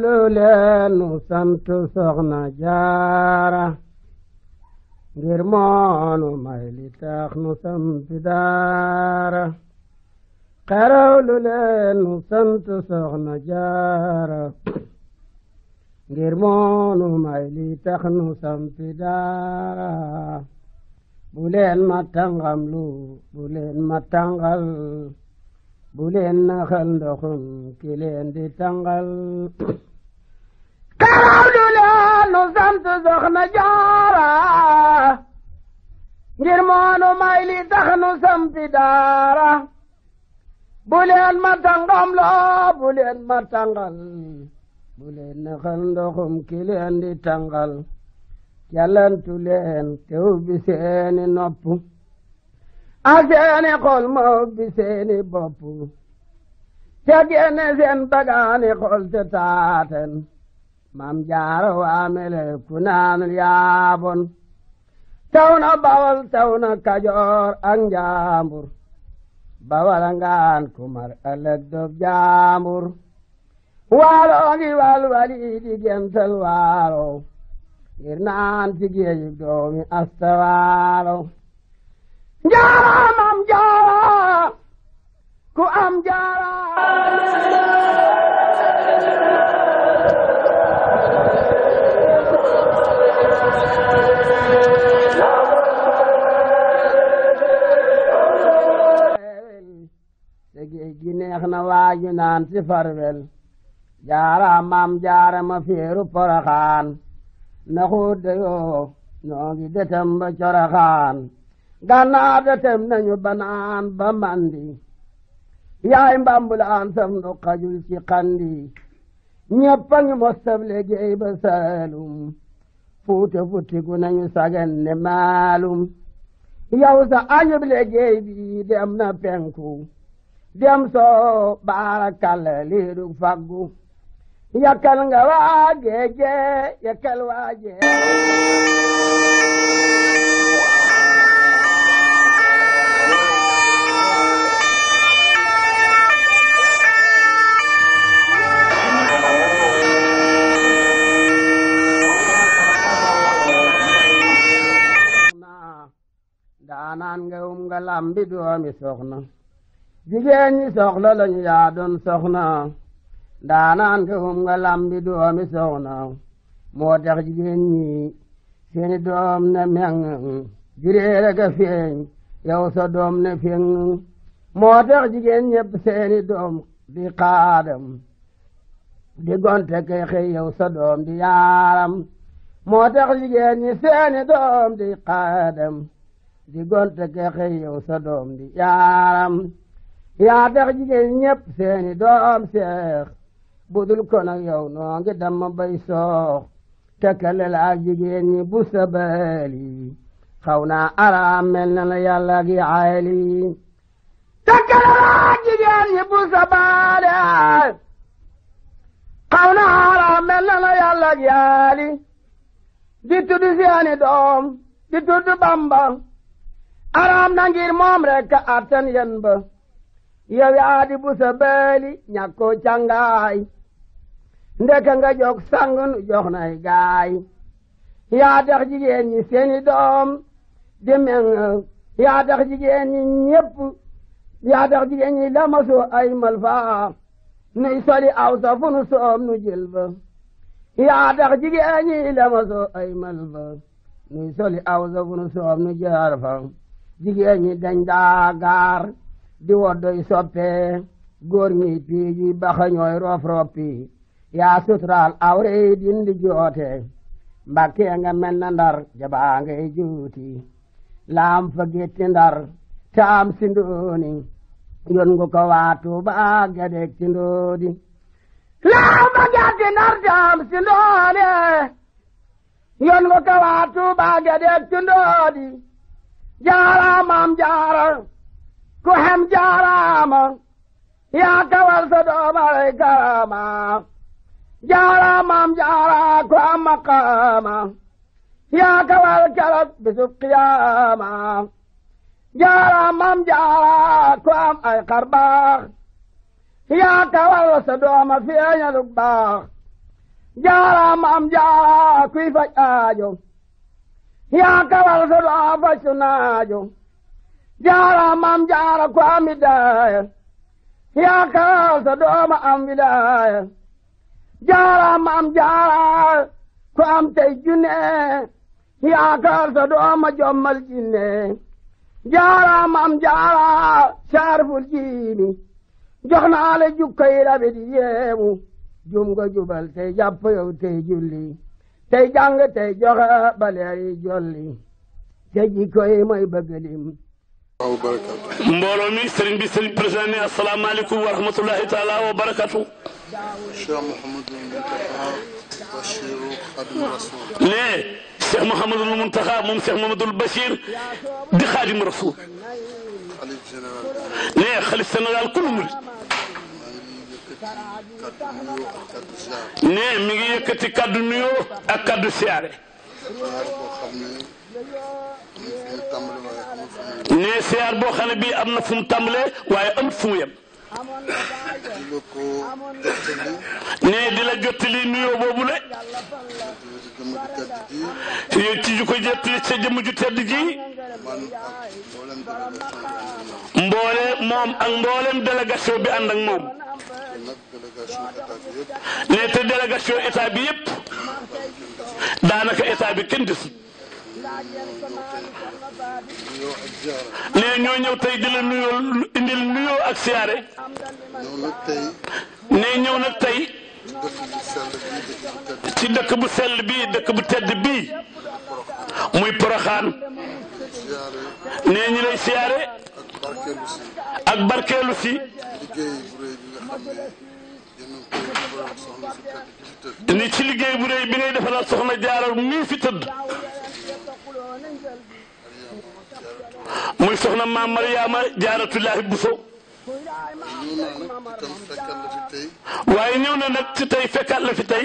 dellu leenu sant soxna jaara ngir moonu may li tax nu sampi daara xerawlu leenu sant soxna jaara ngir moonu may li tax nu sampi daara bu leen ma tàngam lu bu leen ma tàngal bu leen naxal ndoxum ki leen di tàngal karaw du leen nu sant soxna jaara ngir moonu may tax nu sampi daara bu leen ma tàngam loo bu leen ma tàngal bu leen naxal ndoxum ki leen di tàngal jalantu leen te ubbi seeni nopp ak seeni xol ma ubbi seeni bopp te génne seen bagaani xol te taaten maam jaara waamele ku naan yaabon taw na bawal taw na kajoor ak njaambur bawal a ngaan ku mar ëllëg dob jaambur waaloo ngi wal wali di gental waalo ngir naan ci géeju doomi asta waalo njaara maam jaara ku am jaara neex na waaju naan si farwel jaara maam jaara ma féeru poroxaan na xuut de yoo ñoo ngi detem ba coroxaan gànnaar detem nañu banaan ba mandi yaay mbambulaan sam nu xajul ci xandi ñëpp a ngi mostab ba saalum fuuta futtiku nañu sagen ne maalum yow sa ayub liggéey bi dem na penku dem soo baarakalla lii du faggu yakkal nga waa géeje yakkal waa géeje daanaan nga um nga lambi doomi soxna jigéen ñi soxla lañu yaa doon soxna ndaanaan ke hum nga lambi doomi soxna moo tax jigéen ñi seeni doom ne meŋ juréere ka feeñ yow sa doom ne feŋ moo tax jigéen ñépp seeni doom di xaadam di di yaaram moo tax jigéen ñi doom di yaaram yaa tax jigéen ñépp seeni doom seex budul kon ak yow noo ngi damm bay soox tëkkalel ak jigéen ñi bu sabali xaw naa araam mel na la yàlla ak yaayli tëkkalel ak jigéen ñi bu sabali xaw naa araam mel na yàlla ak yaayli di tudd seeni doom di tudd bamba araam na ngir moom rekk attan ba yow yaa di bu sa bëli ñàkkoo càngaay ndeka nga jog nu jox nay gaay yaa jigéen ñi seeni doom di meng yaa jigéen ñi ñépp yaa jigéen ñi lamasoo ay malfa nuy soli aw sa soom nu jël ba yaa jigéen ñi lamasoo ay malfa nuy soli aw sa soom nu jaar fa jigéen ñi dañ gaar di woddoy soppe góor ñi pii ji baxa yaa suturaal awre yi dindi joote mbakkee nga mel na ndar jabaa ngay juuti laam fa gétti ndar te si ndooni yoon ngu ko waa Tuuba gedeg ci ndoodi laam fa gétti ndar te si ndooni yoon ngu ko waa Tuuba gedeg ci ndoodi jaara maam jaara ku xam jaaraama yaa kawal sa doomaray karama jaaraamaam jaara ku am maqaama yaa kawal keroog bisub qiyaama jaaraamaam jaara ku am ay xar baax yaa kawal sa dooma feeñalug baax jaaraamaam jaara kuy faj aajo yaa kawal sa dooma faj su naajo jaara maam jaara ko am widaaya yaakaar sa dooma am widaaya jaara maam jaara ko am tey junne yaakaar sa dooma jommal jinne jaara maam jaara saarful jiini jox naa la jukkoy rabi di yeemu jum jubal tey jàpp yow tey julli tey jàng tey joxe baleer yi jolli te jikkoy mooy bëgg wa barakaatu. mbooloo mi sëriñ bi sëriñ président ne asalaamaaleykum wa rahmatulahi taala wa barakaatu. Cheikh Mouhamadul Mountakha Bachir Khadim Rasoul. nee Cheikh Mouhamadul Mountakha moom Cheikh Mouhamadul Bachir di Khadim Rasoul. nee xalif Sénégal ku murit. nee mi ngi yëkkati kaddu nuyoo ak kaddu siyaare. ne seer boo xam ne am na fum mu waaye amut fu yem. ne di la jottali nuyoo boobu le. yow ju ko jottali sa jëmm ju tedd ji. mboole moom ak mboolem délégation bi ànd ak moom. ne te délégation état bi yëpp. daanaka état bi kenn nee ñoo ñëw tey di la nuyoo indil nuyoo ak siyaare. nee ñëw nag tey ci dëkk bu sell bii dëkk bu tedd bii muy poroxaan nee ñi lay siyaare ak barkeelu si. ni ci liggéey bu rëy bi ngay defalal soxna jaaral mii fi tëdd. muy soxna maam Mariama Jaaratullaahi Buso waaye ñëw na nag ci tey fekkaat la fi tey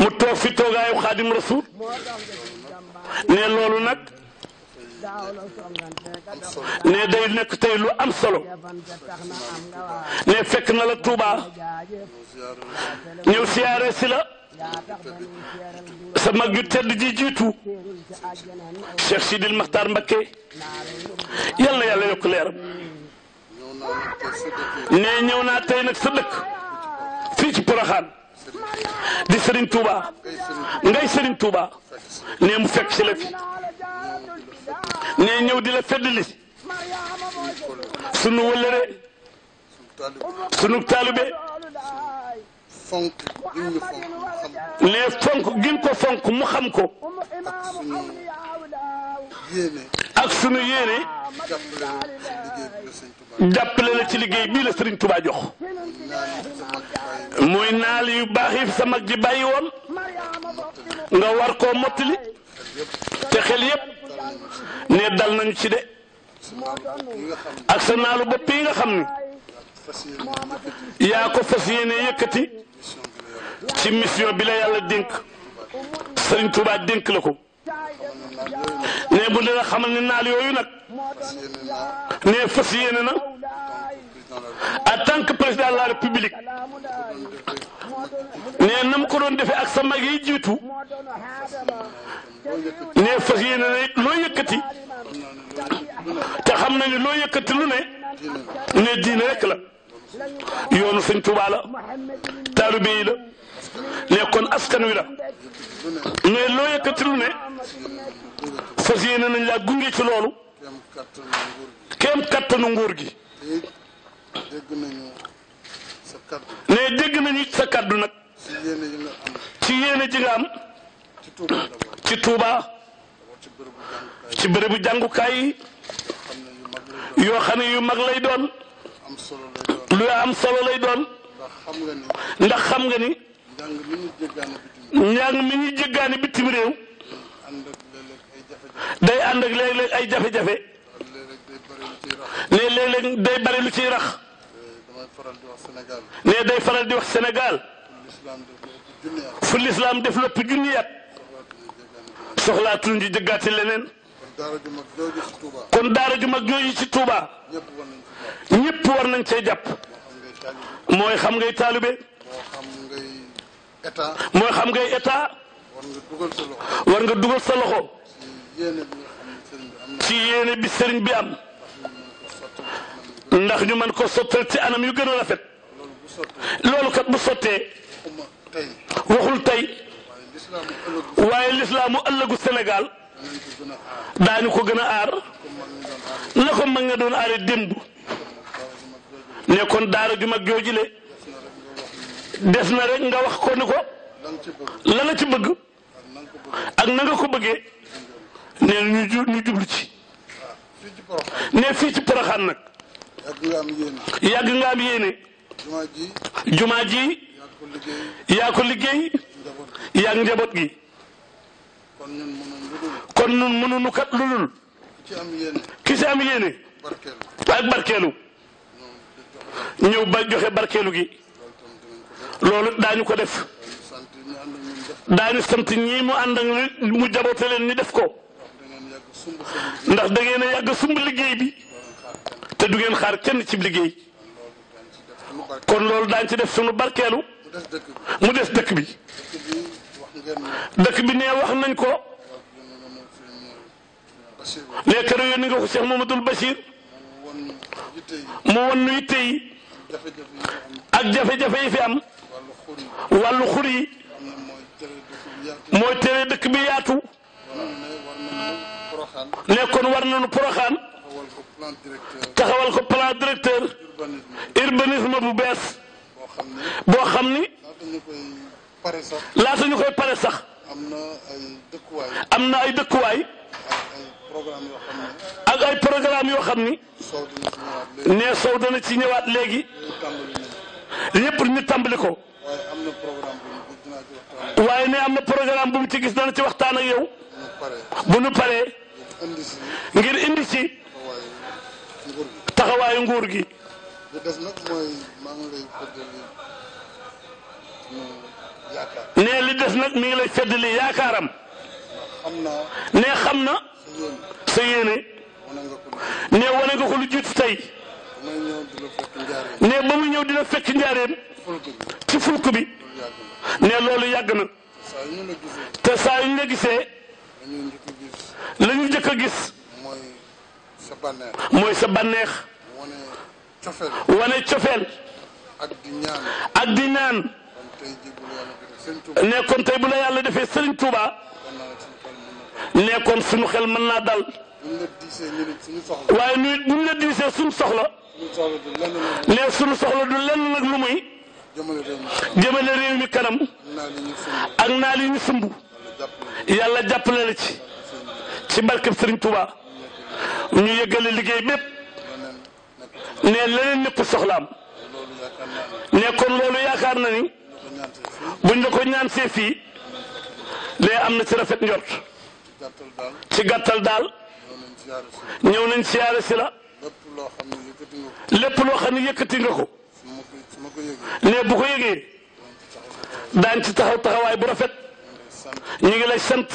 mu toog fi toogaayu xaadim rasuul ne loolu nag ne day nekk tey lu am solo ne fekk na la Tuuba ñëw siyaare si sa mag ju tedd ji jiitu Cheikh Sidil Maxtaar Mbakke yal na yàlla yokk leeram ne ñëw na tey nag sa fii ci Poroxaan di Serigne Touba ngay Serigne Touba ne mu fekk si fi ne ñëw di la feddali sunu wëllëre sunu taalibe fonk gim ñu fonk ne ko fonk mu xam ko. ak sunu yéene. jàppale la ci liggéey bii la Serigne Touba jox. muy naal yu baax yi sa mag ji bàyyi woon. nga war koo mottali. te xel yépp ne dal nañu ci de. ak sa naalu bopp nga xam ni. yaa ko fas yéene yëkkati ci mission bi la yàlla dénk Serigne Touba dénk la ko ne bu dina xamal ne naal yooyu nag ne fas yéene na en tant que président de la république ne na ko doon defee ak sa mag yi jiitu ne fas yéene na loo yëkkati te na ni loo yëkkati lu ne. ne diine rek la yoonu sëñ Tuubaa la taalibe yi la ne kon askan wi la ne loo yëkkatilu ne fas yéene nañ laa gunge ci loolu kéem kattanu nguur gi ne dégg nañu sa kaddu nag ci yéene ji nga am ci Tuubaa ci bërëbu jàngukaay yi yoo xam ne yu mag lay doon lu am solo lay doon ndax xam nga ni njàng mi ñu jéggaani bitim réew day ànd ak léeg-léeg ay jafe-jafe ne léeg-léeg day bari lu ciy rax ne day faral di wax Sénégal fu lislaam def lépp junniyaat soxlaatuñ di jëggaati leneen. daara kon daara ju mag jooju ci Touba. ñëpp war nañ cee jàpp. mooy xam ngay taalibe. mooy xam war nga dugal sa loxo. war nga dugal sa loxo. ci yéene bi sëriñ bi am. ndax ñu mën ko sottal ci anam yu gën a rafet. loolu kat bu sottee. waxul tey. waaye lislaamu ëllëgu Sénégal. daañu ko gën a aar la ko mag nga doon aare démb ne kon daara ju mag jooju le def na rek nga wax ko ko la la ci bëgg ak na ko bëggee ne ñu ju jublu ci ne fii ci Porokhane nag yàgg nga yéene jumaa ji yaa ko liggéey yaa njaboot gi kon ñun mënuñu kat lulul ki si am yéene ak barkeelu ñëw ba joxe barkeelu gi loolu daañu ko def daañu sant ñii mu ànd ak mu jaboote leen ñu def ko ndax da ngeen a yàgg sumb liggéey bi te du ngeen xaar kenn ci liggéey kon loolu daañ ci def sunu barkeelu mu des dëkk bi dëkk bi nee wax nañ ko. nee keroog yónni nga ko Cheikh Mamadou mu wan nu yitte yi ak jafe-jafe yi fi am wàllu xur yi mooy tere dëkk bi yaatu. nee kon war nañu poroxaan taxawal ko plan directeur urbanisme bu bees boo ni. pare sax laata ñu koy pare sax. am na ay dëkkuwaay. am na ay dëkkuwaay. ak ay programme yoo xam ne Sow dana ci ñëwaat léegi. yépp ñu tàmbali ko. waaye ne am na programme bu mu ci gis dana ci waxtaan ak yow. bu ñu paree. ngir indi ci. taxawaayu nguur gi. ne li des nag mi ngi lay feddali yaakaaram ne xam na sa yéene ne wane nga ko lu jiitu tey ne ba mu ñëw dina fekk njaareem ci fulk bi ne loolu yàgg na te saa yu ñu gisee la ñu a gis mooy sa banneex wane cofeel ak di ñaan ne kon tey bu la yàlla defee Serigne Touba ne kon suñu xel mën naa dal waaye ñun buñ diise diisee soxla ne suñu soxla du lenn nag lu muy jëmale réew mi kanam ak naa li ñu yàlla jàpp la ci ci barkeb sëriñ Touba ñu yëggale liggéey bépp ne leneen nekk soxlaam ne kon loolu yaakaar na ni. buñ la ko ñaan see fii lee am na ci rafet njort ci gàttal daal ñëw nañ siyaare si la lépp loo xam ne yëkkati nga ko ne bu ko yëgee daañ ci taxaw taxawaay bu rafet ñu ngi lay sant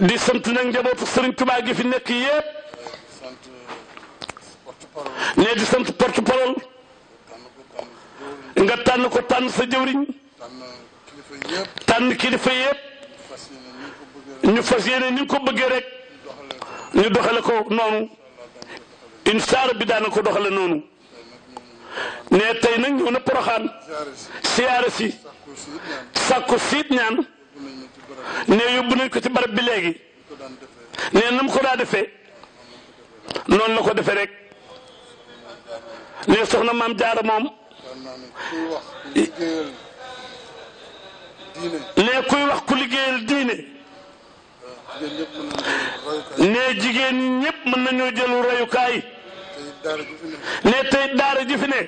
di sant na njabootu Serigne Touba fi nekk yépp ne di sant porte nga tànn ko tànn sa jëwriñ tànn kilifa yëpp ñu fas yéene ni ko bëggee rek ñu doxale ko noonu insaara bi daana ko doxale noonu ne tey nag ñëw na poroxaan siyaare si sàkku siit ñaan ne yóbbu nañ ko ci barab bi léegi ne na ko daa defee noonu la ko defee rek ne soxna maam jaara moom ne kuy wax ku liggéeyal diine. ne jigéen ñëpp mën nañoo jël royukaay. ne tey daara ji fi ne.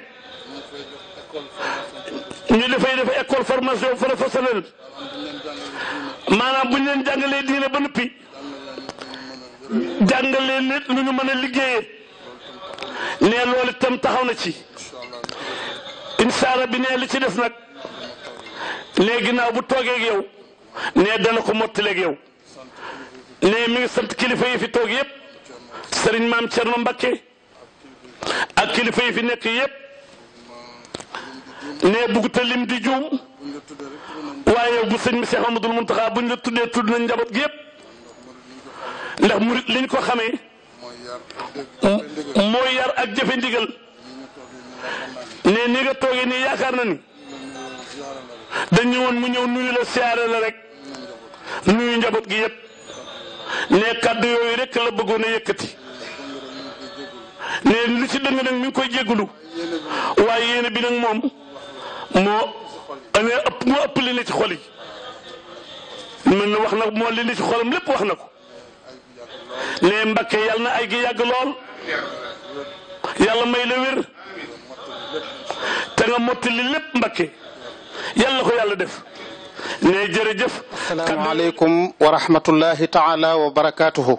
ñu dafay def école formation professionnelle. maanaam bu ñu leen jàngalee diine ba noppi. jàngalee nit lu ñu mën a liggéeyee. ne loolu itam taxaw na ci. incha bi ne li ci def nag. ne ginnaaw bu toogee ak yow ne dana ko mottaleeg yow ne mi ngi sant kilifa yi fi toog yépp sëriñ maam Thierno Mbakke ak kilifa yi fi nekk yépp ne bugg te lim di juum waaye bu sëñ bi Cheikh Amadou buñ la tuddee tudd nañ njaboot gi yépp ndax murit liñ ko xamee mooy yar ak jëfe ndigal ne ni nga toogee nii yaakaar na dañ ñëwoon mu ñëw nuyu la siyaare la rek nuyu njaboot gi yépp ne kàddu yooyu rek la bëggoon a yëkkati ne li ci dëng nag mi ngi koy jéggulu waaye yéene bi nag moom moo ëpp li ne ci xol yi mën na wax na moo li ne ci xolam lépp wax na ko ne Mbàkke yàlla na ay gi yàgg lool yàlla may la wér te nga mottali lépp Mbàkke yal ko yàlla def ne jërëjëf. asalaamaaleykum wa rahmatullahi taala wa barakaatuhu.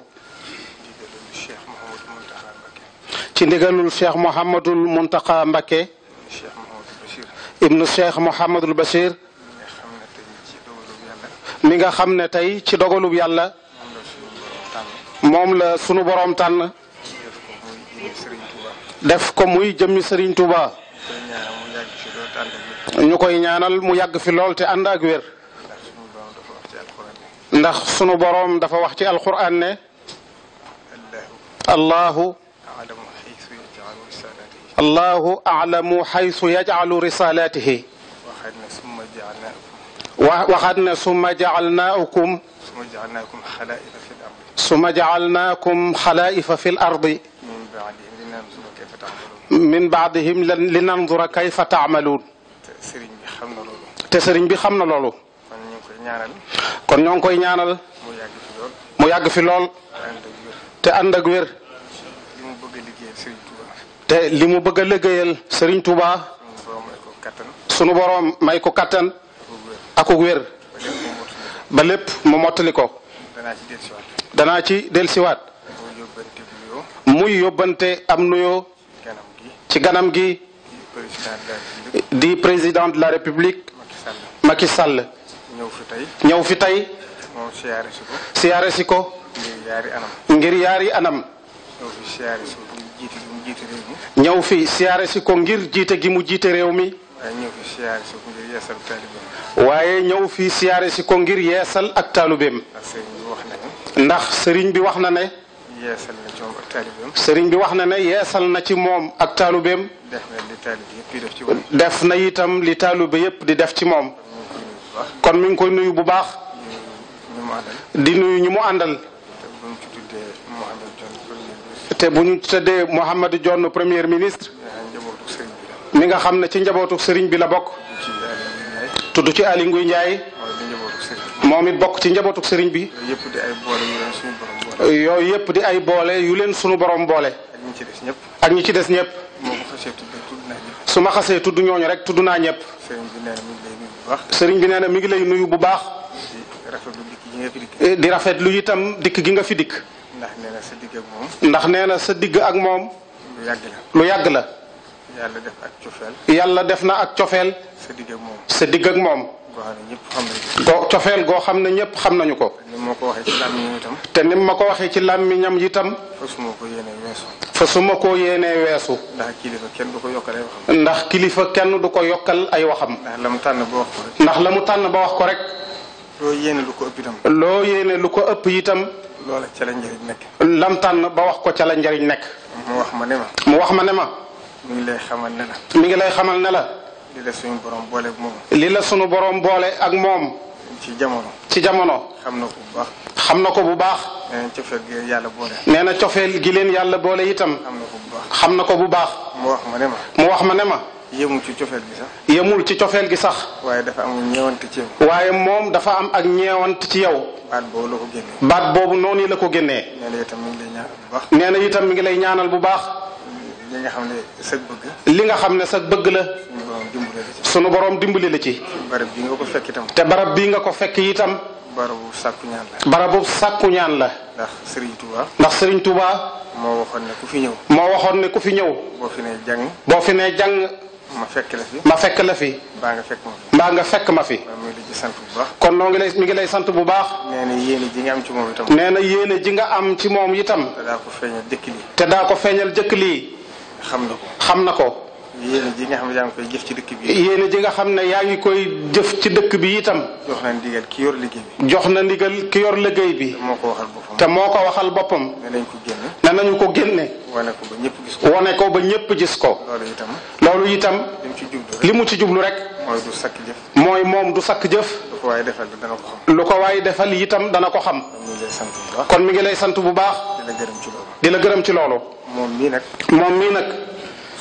ci ndigalul cheikh Mouhamadul Mountakha Mbacké. ibnu cheikh Mouhamadul Bachir. mi nga xam ne tey ci dogalub yàlla. moom la sunu borom tànn. def ko muy jëmmi Serigne Touba. ñu koy ñaanal mu yàgg fi lool te ànd ak wér. ndax sunu boroom dafa wax ci alquran ne. allahu. allahu aclamu xaysu yajcalu risalatihi. waxaat ne summa jacalnaakum. summa jacalnaakum xalaa'ifa fi l ardi. min bacdihim linanzura kayfa tacmaluun xam na loolu. te sëriñ bi xam na loolu. kon ñoo ngi koy ñaanal. mu yàgg fi lool. te ànd ak wér. te li mu bëgg a liggéeyal sëriñ Touba. sunu boroom may ko kattan. akuk wér. ba lépp mu mottali ko. danaa ci dellusiwaat. muy yóbbante am nuyoo. ci ganam gi. di président de la république. Macky Sall. ñëw fi tey. ñëw fi siyaare si ko. ngir yaari anam. ngir ñëw fi siyaare si ko ngir jiite gi mu jiite réew mi. waaye ñëw fi siyaare si ko ngir yeesal taalibeem. waaye ñëw fi ak taalibeem. ndax sëriñ bi wax na ne. yeesal na ci sëriñ bi wax na ne yeesal na ci moom ak taalibeem. def def na itam li taalibe yëpp di def ci moom. kon mi ngi koy nuyu bu baax. di nuyu ñu mu àndal. te bu ñu tëddee Mouhamadou Dionne premier ministre. mi nga xam ne ci njabootu sëriñ bi la bokk. tudd ci Aly Ngouille Ndiaye. moom it bokk ci njabootu sëriñ bi. yooyu yëpp di ay boole yu leen sunu borom boole. ak ñi ci des ñëpp. su ma xasee tudd ñooñu rek tudd naa ñëpp. sëriñ bi nee na mi ngi lay nuyu bu baax. di rafet lu itam dikk gi nga fi dikk. ndax nee na sa digg ak moom. lu yàgg la yàlla def na ak cofeel. digg sa digg ak moom. go cofeel goo xam ne ñëpp xam nañu ko. te ni ma ko waxee ci làmmiñam itam. fa su ma ko yéenee weesu. ndax kilifa kenn du ko yokkal ay waxam. ndax kilifa kenn du ko yokkal ay waxam. la mu tànn ba wax ko rek. ndax la mu tànn ba wax ko rek. loo yéene lu ko ëpp itam. loo yéene lu ko ëpp itam. loola ca la njëriñ nekk. lam ba wax ko ca la njëriñ nekk. mu wax ma ne ma. mu wax ma ne ma. mi ngi lay xamal ne la. mi ngi lay xamal ne la. li la suñu borom boole ak moom. li la suñu borom boole ak moom. ci jamono. ci jamono. xam na ko bu baax. xam na ko bu baax. nee na cofeel gi leen na cofeel gi leen yàlla boole itam. xam na ko bu baax. xam mu wax ma ne ma. mu wax ma ne ma. yemul ci cofeel gi sax. yemul ci cofeel gi sax. waaye dafa am ñeewante ci waaye moom dafa am ak ñeewante ci yow. baat boobu boobu noonu la ko génnee. nee na itam mi ngi lay ñaanal bu baax. li nga xam ne sag bëgg. li nga xam ne sag bëgg la. sunu boroom dimbali la ci. barab bii nga ko fekk itam. te barab bii nga ko fekk itam. barabu sàkku barabu sàkku ñaan la. ndax Serigne Touba. ndax sëriñ Touba. moo waxoon ne ku fi ñëw. moo waxoon ne ku fi ñëw. boo fi nee jàng. ma fekk la fi. ma fekk la fi. mbaa nga fekk ma fi. nga fekk ma fi. mi ngi lay sant bu baax. kon noo ngi lay mi ngi lay sant bu baax. nee na yéene ji nga am ci moom itam. nee na yéene ji nga am ci moom itam. te daa te daa ko feeñal jëkk lii. xam na ko xam na ko. yéen ji nga xam ne yaa ngi koy jëf ci dëkk bi. yéen ji nga xam ne yaa ngi koy jëf ci dëkk bi itam. jox na ndigal ki yor liggéey bi. jox na ndigal ki yor liggéey bi. moo ko te moo ko waxal boppam. danañ ko génne. ko génne. wane ko ba ñëpp gis ko. ba ñëpp gis ko. loolu itam. loolu itam. li mu ci jublu rek. mooy du mooy moom du sakk jëf. lu ko waay defal dana ko xam. lu ko waay defal itam dana ko xam. kon mi ngi lay sant bu baax. di la gërëm ci loolu. gërëm ci loolu. moom mii nag. moom mii nag.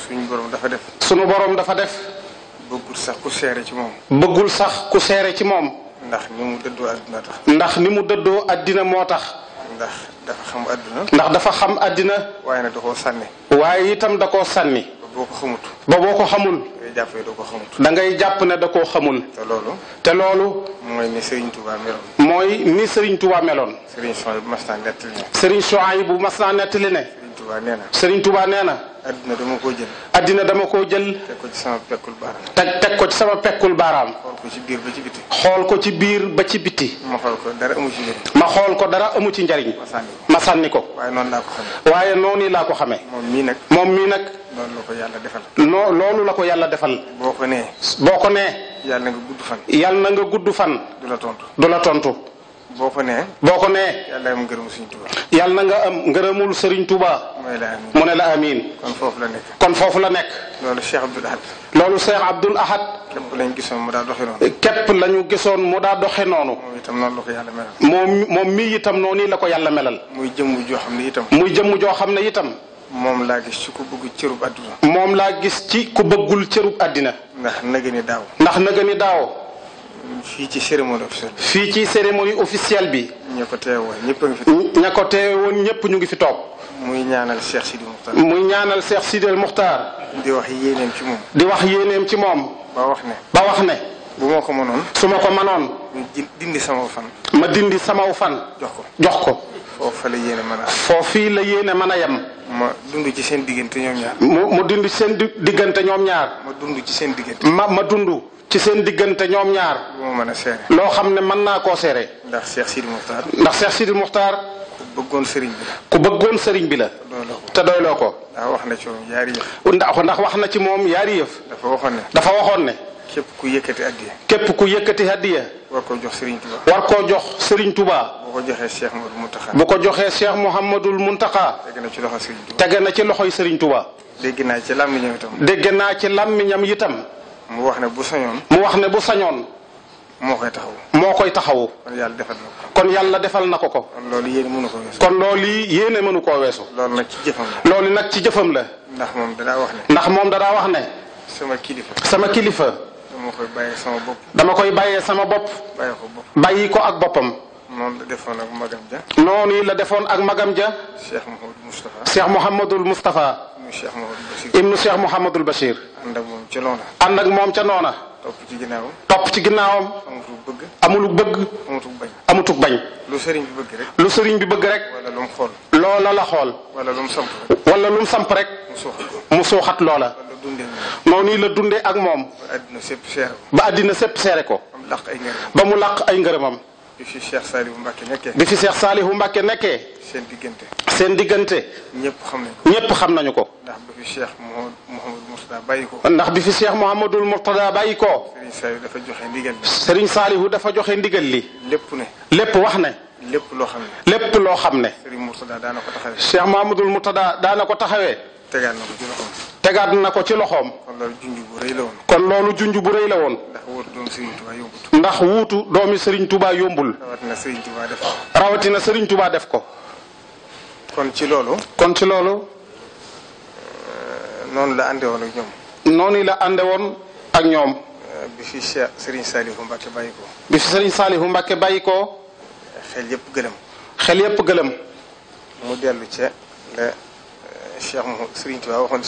suñu borom dafa def. suñu borom dafa def. bëggul sax ku seere ci moom. bëggul sax ku ci moom. ndax ni mu dëddoo àddina ndax ni mu dëddoo àddina moo tax. ndax dafa xam àddina. ndax dafa xam àddina. waaye na da koo sànni. waaye itam da koo sànni. boo ko xamut. ba boo ko xamul. da ngay jàpp ne da koo da koo xamul. te loolu. te loolu. mooy ni Serigne Touba meloon. mooy ni Serigne Touba meloon. Serigne Souhaïbou bu mas naa nettali bu mas naa nettali ne. Serigne Touba nee na. Serigne Touba nee na. addina dama koo jël. addina dama koo jël. teg ko ci sama pekkul baaraam. teg ko ci sama pekkul baaraam. xool ko ci biir ba ci biti. xool ko ci biir ba ci biti. ma xool ko dara amu ci njëriñ. ma xool ko dara amu ci njëriñ. sànni ko ma sànni ko. waaye noonu laa ko xamee. waaye noonu laa ko xamee. moom mii nag. loolu la ko yàlla defal. loolu la ko yàlla defal. boo ko boo ko nee. yàlla na nga gudd fan. na nga gudd fan. du la tontu du la tontu. boo ko nee. boo ko nee. yàlla am ngërëmu Serigne Touba. yàlla na nga am ngërëmul sëriñ Touba. mu ne la amiin. kon foofu la nekk. kon foofu la nekk. loolu Cheikh Abdoul Ahad. loolu Cheikh Abdoul Ahad. képp lañ gisoon mu daa doxe noonu. képp lañu gisoon mu daa doxe noonu. moom itam noonu la ko yàlla melal. moom moom mii itam noonu la ko yàlla melal. muy jëmm joo xam ne itam. muy jëmm joo xam ne itam. moom laa gis ci ku bëgg cërub àdduna. moom laa gis ci ku bëggul cërub àddina. ndax naga ni daaw. ndax naga daaw. fii ci cérémonie officielle. fii ci cérémonie officielle bi. ña ko teewoon ñëpp a ngi ñëpp ñu ngi fi toog. muy ñaanal seex Sidi Mokhtar. muy ñaanal Cheikh Sidi Mokhtar. di wax yéeneem ci moom. di wax yéeneem ci moom. ba wax ne. ba wax ne. bu ma ko mënoon. su ma ko mënoon. dindi samaw fan. ma dindi samaw fan. jox ko jox ko. foofa la yéene mën a. foofii la yéene mën a yem. ma dund ci seen diggante ñoom ñaar. mu mu dund seen diggante ñoom ñaar. ma dund ci seen diggante. ma ma dund ci seen diggante ñoom ñaar. loo mën loo xam ne mën naa koo seere. ndax Cheikh Sidi Moukhtar. ndax Cheikh Sidi Moukhtar. ku bëggoon sëriñ bi la. ku bëggoon sëriñ bi la. te doyloo ko. wax na ci moom yaari ndax wax na ci moom yaari yëf. dafa waxoon ne. dafa waxoon ne. képp ku yëkkati addiya. képp ku yëkkati addiya. war koo jox Serigne Touba. war koo jox Serigne Touba. bu ko joxee Cheikh Mouhamadul Mountakha. bu ko joxee Cheikh Mouhamadul Mountakha. tege na ci loxo Serigne Touba. na ci loxoy Serigne Touba. dégg naa ci làmmiñam itam. dégg naa ci làmmiñam itam. mu wax ne bu sañoon. mu wax ne bu sañoon. moo koy taxaw moo koy taxaw kon yàlla defal na ko. kon yàlla defal na ko ko. kon loolu yéene mënu koo weesu. kon loolu yéene mënu koo weesu. loolu nag ci jëfam la. loolu nag ci jëfam la. ndax moom danaa wax ne. ndax moom danaa wax ne. sama kilifa. sama kilifa. dama koy bàyyee sama bopp. dama koy bàyyee sama bopp. bàyyi ko ak boppam. noonu la defoon ak magam ja. noonu la defoon ak magam ja. Cheikh Mouhamadul Moustapha. Cheikh Mouhamadul Moustapha. ibnu Cheikh Mouhamadul Bachir. ibnu Cheikh ànd ak moom ca noona. ànd ak topp ci ginnaawam. topp ci bëgg. amulu bëgg. amatul bañ. bañ. lu sëriñ bi bëgg rek. lu sëriñ bi bëgg rek. wala lu mu xool. loola la xool. wala lu mu samp rek. mu suuxat loola. moom nii la dundee ak moom. ba àddina sépp seere ko. ba àddina sépp seere ko. ba mu laq ay ngërëmam. ba mu laq ay ngërëmam. bi fi Cheikh Saliou Mbacke nekkee. bi fi Cheikh Saliou Mbacke nekkee. seen diggante. seen diggante. ñëpp xam nañu ko. ñëpp xam nañu ko. ndax bi fi Cheikh Mouhamadul Mourtada bàyyi ko. ndax bi fi Cheikh Mouhamadul Mourtada bàyyi ko. dafa joxe ndigal li. Serigne Saliou dafa joxe ndigal li. lépp ne. lépp wax ne. lépp loo xam ne. lépp loo xam ne. Serigne Mourtada daana ko taxawee. Cheikh Mouhamadul Mourtada daana ko taxawee. ko ci loxoom. tegaat na ko ci loxoom. kon loolu junju bu rëy la woon. ndax wuutu doomu Serigne Touba yombul. ndax wuutu doomi sëriñ Touba yombul. rawatina Serigne Touba def ko. rawatina Serigne Touba def ko. kon ci loolu. kon ci loolu. Euh, noonu la ànde woon ak ñoom. noonu la ànde ak ñoom. Euh, bi fi Serigne Saliou Mbacke bàyyi ko. bi fi Serigne Saliou Mbacke bàyyi ko. xel yëpp gëlëm. xel yëpp gëlëm. mu dellu ca cheikh Mouha Serigne Touba waxoon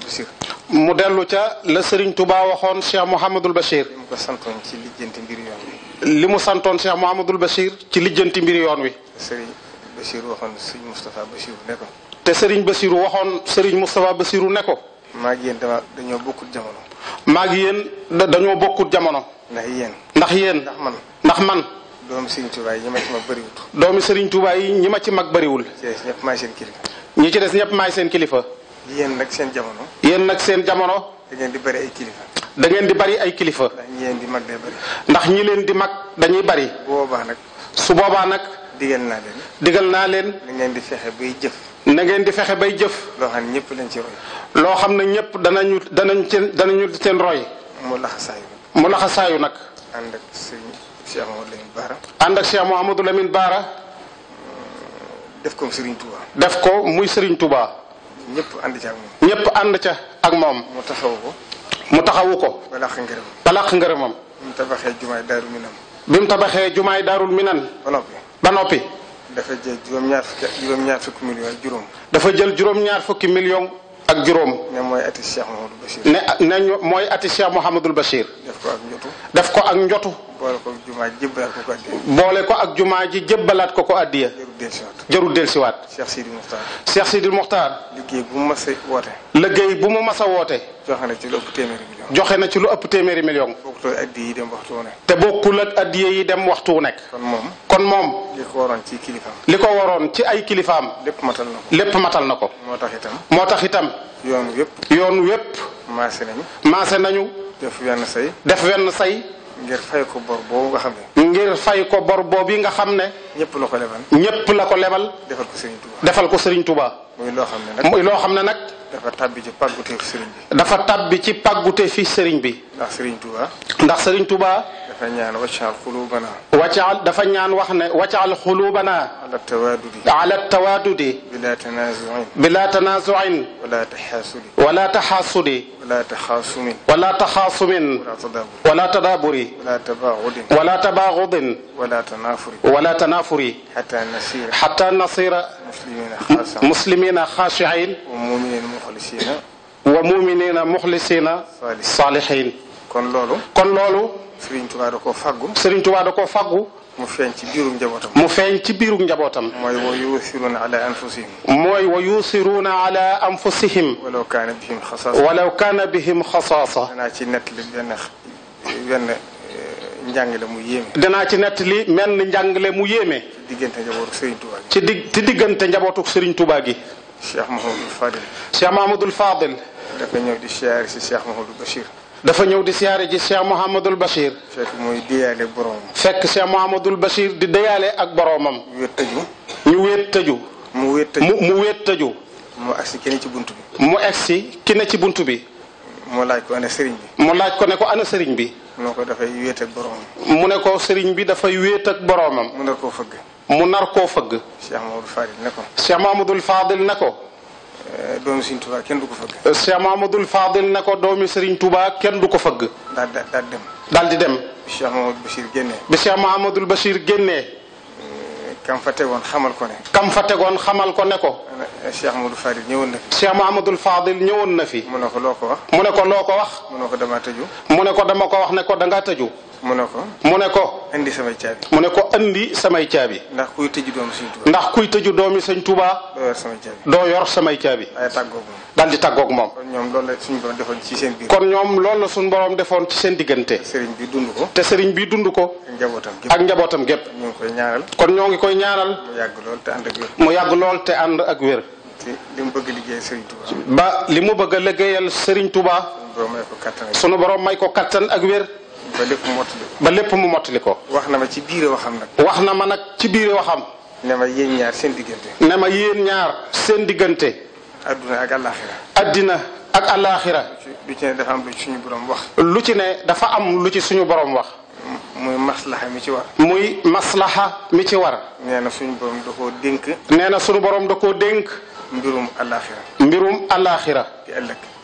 cheikh Mouhamadul Bachir. mu dellu ca la Serigne Touba waxoon cheikh Mouhamadul Bachir. li mu ko santoon ci lijjanti mbir li mu santoon cheikh Mouhamadul Bachir ci lijjanti mbir yoon wi. Serigne Bachir waxoon Serigne Moustapha Bachir te Serigne Bachir waxoon Serigne Moustapha Bachir ne ko. maa ngi yéen dañoo bokkut jamono. maa ngi yéen dañoo bokkut jamono. ndax yéen. ndax yéen ndax man ndax man. doomi Serigne Touba yi ñi ma ci mag bëriwul. doomi Serigne Touba yi ñi ma ci mag bëriwul. ñëpp maay seen ñi ci des ñëpp maay seen kilifa. yéen nag seen jamono. yéen nag seen jamono. dangeen di bari ay kilifa. da ngeen di bari ay kilifa. ndax ñi leen di mag ndax ñi leen di mag dañuy bari. su boobaa nag. su boobaa nag. digal naa leen. digal naa leen. na ngeen di fexe bay jëf. na ngeen di fexe bay jëf. loo ñëpp lañ ci roy. loo xam ne ñëpp danañu danañ seen danañu seen roy. mu laxasaayu nag. mu laxasaayu nag. ànd ak sëñ Cheikh Mouhamadou Baara. def ko Serigne Touba. def ko muy Serigne Touba. ñëpp ànd ca ak moom. ñëpp ànd ca ak mu taxawu ko. mu taxawu ko. balaax ngërëmam. balaax ngërëmam. bi mu tabaxee jumaay daarul minan. bi tabaxee jumaay daarul minan. ba ba noppi. dafa jël juróom-ñaar fukki juróom-ñaar fukki million ak juróom. jël juróom-ñaar fukki million ak juróom. ne mooy ati Cheikh Mouhamadul Bachir. def ko ak njotu. boole ko ak jumaa ji jébbalaat ko ko ko ak dellusiwaat jarul dellusiwaat. Cheikh Sidil Mokhtar. Cheikh Sidil Mokhtar. liggéey bu ma mës a woote. liggéey bu ma mës woote. joxe na ci lu ëpp téeméeri million. joxe na ci lu ëpp téeméeri million. bokkul ak addiya yi dem waxtu wu nekk. te bokkul ak addiya yi dem waxtu wu nekk. kon moom. kon moom. li ko waroon ci kilifaam. li ko waroon ci ay kilifaam. lépp matal na ko. na ko. moo tax itam. moo tax itam. yoon wépp. yoon wépp. maase nañu. maase nañu. def wenn say. def wenn say. ngir fay ko bor boobu nga xam ne. ngir fay ko bor boobu yi nga xam ne. ñëpp la ko lebal. ñëpp la ko lebal. defal ko Serigne Touba ko Serigne Touba. muy loo xam ne nag muy loo xam ne nag. dafa tabbi ci pàggute fi Serigne bi. dafa tabbi ci pàggute fi sëriñ bi. ndax Serigne Touba. ndax Serigne Touba. dafa ñaan waccaal xuluubana waccaal dafa ñaan wax ne waccaal xuluubana ala tawaadudi ala tawaadudi bila tanaasuin bila tanaasuin wala taxaasudi wala taxaasudi wala taxaasumin wala taxaasumin wala tadaaburi wala tabaaxudin wala tabaaxudin wala tanaafuri wala tanaafuri xata nasira xata nasira muslimina xaashiin wa muminina muxlisina saalihin kon loolu kon loolu Serigne Touba da koo faggu. Serigne Touba da koo faggu. mu feeñ ci biirum njabootam. mu feeñ ci biirum njabootam. mooy wa yuusiruuna ala anfusihim. mooy wa yuusiruuna ala anfusihim. walaw kaana bihim xasaasa. walaw kaana bihim xasaasa. danaa ci nettali benn benn eh, njàngale mu yéeme. danaa ci nettali menn njàngale mu yéeme. ci diggante njabootu Serigne Touba gi. ci dig ci diggante njabootu Serigne Touba gi. Cheikh Mahamadul Fadil. Cheikh Mahamadul Fadil. dafa ñëw di siyaare si Cheikh Mahamadul Bachir. dafa ñëw di siyaare ji Cheikh Mouhamadul Bachir. fekk muy deyaale boromam. fekk Cheikh Mouhamadul Bachir di deyaale ak boromam. ñu wéet tëju. ñu wéet tëju. mu wéet tëju mu wéet tëju. mu agsi ki ne ci bunt bi. mu agsi ki ne ci buntu bi. mu laaj ko ana sëriñ bi. mu laaj ko ne ko ana sëriñ bi. mu ne ko dafay wéet ak boromam. mu ne ko bi dafay wéet ak boromam. mu nar koo fëgg. mu nar koo fëgg. Cheikh Mouhamadul Fadil ne ko. Cheikh Mouhamadul Fadil ne ko. Eh, doomi Serigne Touba kenn du ko fëgg. Eh, Cheikh Mahmadul Fadil ne ko doomi Serigne Touba kenn du ko fëgg. daal di daal dem. daal di dem. bi Cheikh Mahmadul Bachir génnee. bi Cheikh Mahmadul génnee. Eh, kam fa tegoon xamal ko ne. kam fa tegoon xamal ko ne ko. Cheikh Mahmadul Fadil ñëwoon na fi. Cheikh Mahmadul Fadil ñëwoon na fi. mu ne ko loo ko wax. mu ne ko loo ko wax. mu ne dama tëju. mu ne ko dama ko wax ne ko da ngaa tëju. mu ne ko. mu ne ko. indi samay caabi. mu ne ko indi samay caabi. ndax kuy tëju doomi sëñ Tuubaa. ndax kuy tëju doomi sëñ Tuubaa. doo yor samay caabi. doo yor samay caabi. waaye tàggoog moom. daal di tàggoog moom. kon ñoom loolu la suñu borom defoon ci seen biir. kon ñoom loolu la suñu defoon ci seen diggante. sëriñ bi dund ko. te sëriñ bi dund ko. ak njabootam gépp ak njabootam gépp. ñu ngi koy kon ñoo ngi koy ñaanal. mu yàgg lool te ànd ak wér. yàgg lool te ànd ak wér. li mu bëgg liggéeyal Serigne Touba. ba li mu bëgg a liggéeyal Serigne Touba. sunu borom may ko kattan ak wér. ba lépp mu mottali ba lépp mu mottali ko. wax na ma ci biir waxam nag. wax na ma nag ci biir waxam. ne ma yéen ñaar seen diggante. ne ma yéen ñaar seen diggante. adduna ak àllaaxira. addina ak àllaaxira. lu ci ne dafa am lu suñu borom wax. lu ci ne dafa am lu ci suñu borom wax. muy maslaxa mi ci war. muy maslaxa mi ci war. nee na suñu borom da ko dénk. nee na suñu borom da koo dénk. mbirum àllaaxira. mbirum àllaaxira.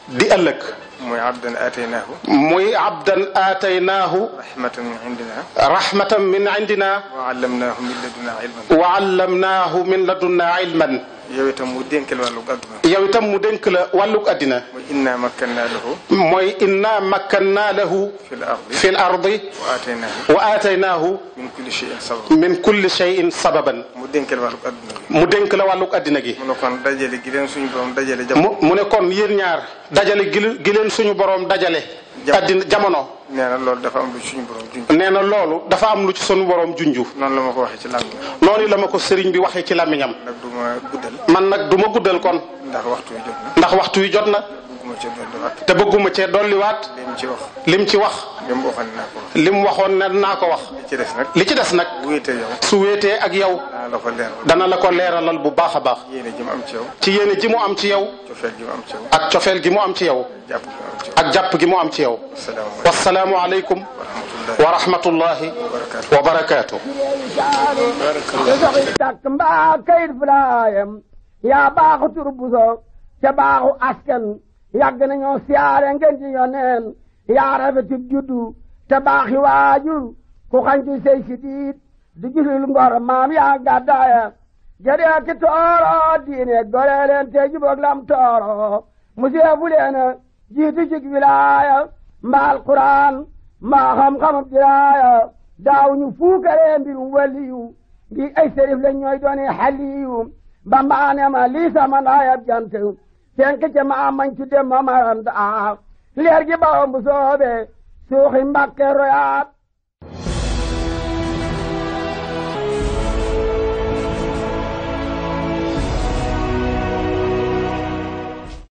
di di ëllëg. muy abdan aataynaahu. muy abdan aataynaahu. rahmatan min indina. rahmatan min indina. wa allamnaahu min ladunnaa ilman. wa allamnaahu min ladunnaa ilman. yow itam mu dénk la wàllug adduna. yow itam mu dénk la wàllug addina. mooy innaa makkannaa lahu. mooy innaa makkannaa lahu. fil ardi. fil ardi. wa aataynaahu. wa aataynaahu. kulli shay'in sababan. min kulli mu dénk la wàllug addina gi. mu dénk la gi. mu ne kon dajale gi leen suñu dajale. jamono mu ne kon yéen ñaar dajale gi leen suñu borom dajale. addina jamono. nee na loolu dafa am lu suñu borom junj. nee na loolu dafa am lu ci suñu borom junj. noonu la ma ko waxee ci làmmiñam. noonu la ma ko sëriñ bi waxee ci làmmiñam. nag man nag duma ma guddal kon. ndax ndax waxtu wi jot na. te bëgguma cee dolliwaat. lim ci wax lim ci wax. lim waxoon na naa ko wax. li ci des nag li ci des nag. su wéetee ak yow. dana la ko leeralal bu baax a baax. ci yéene ji mu am ci yow. ak cofeel gi mu am ci yow. ak jàpp gi mu am ci yow. wasalaamu aleykum. wa rahmatullahi wa barakaatu. takk mbaa kayit fulaayam yaa baaxu tur bu so ca baaxu askan. yàgg nañoo siyaare ngeen ci yoneen yaa rafetub juddu te baaxi waajur ku xañ sey sitiit du julil ngor maam yaa gàddaaya jëree ki tooro diine goree te juboog lam tooro museefu leena jiitu cig wilaaya mbaal quraan maa xam-xamab diraaya ñu fuukaree mbirum waliyu ngi ay sërif ñooy dooni xaliyu ba maanema lii sama ndaayab jant fenk ca maam mañ tudde ma maram daa leer gi bawam bu soobe suuxi mbàkke royaat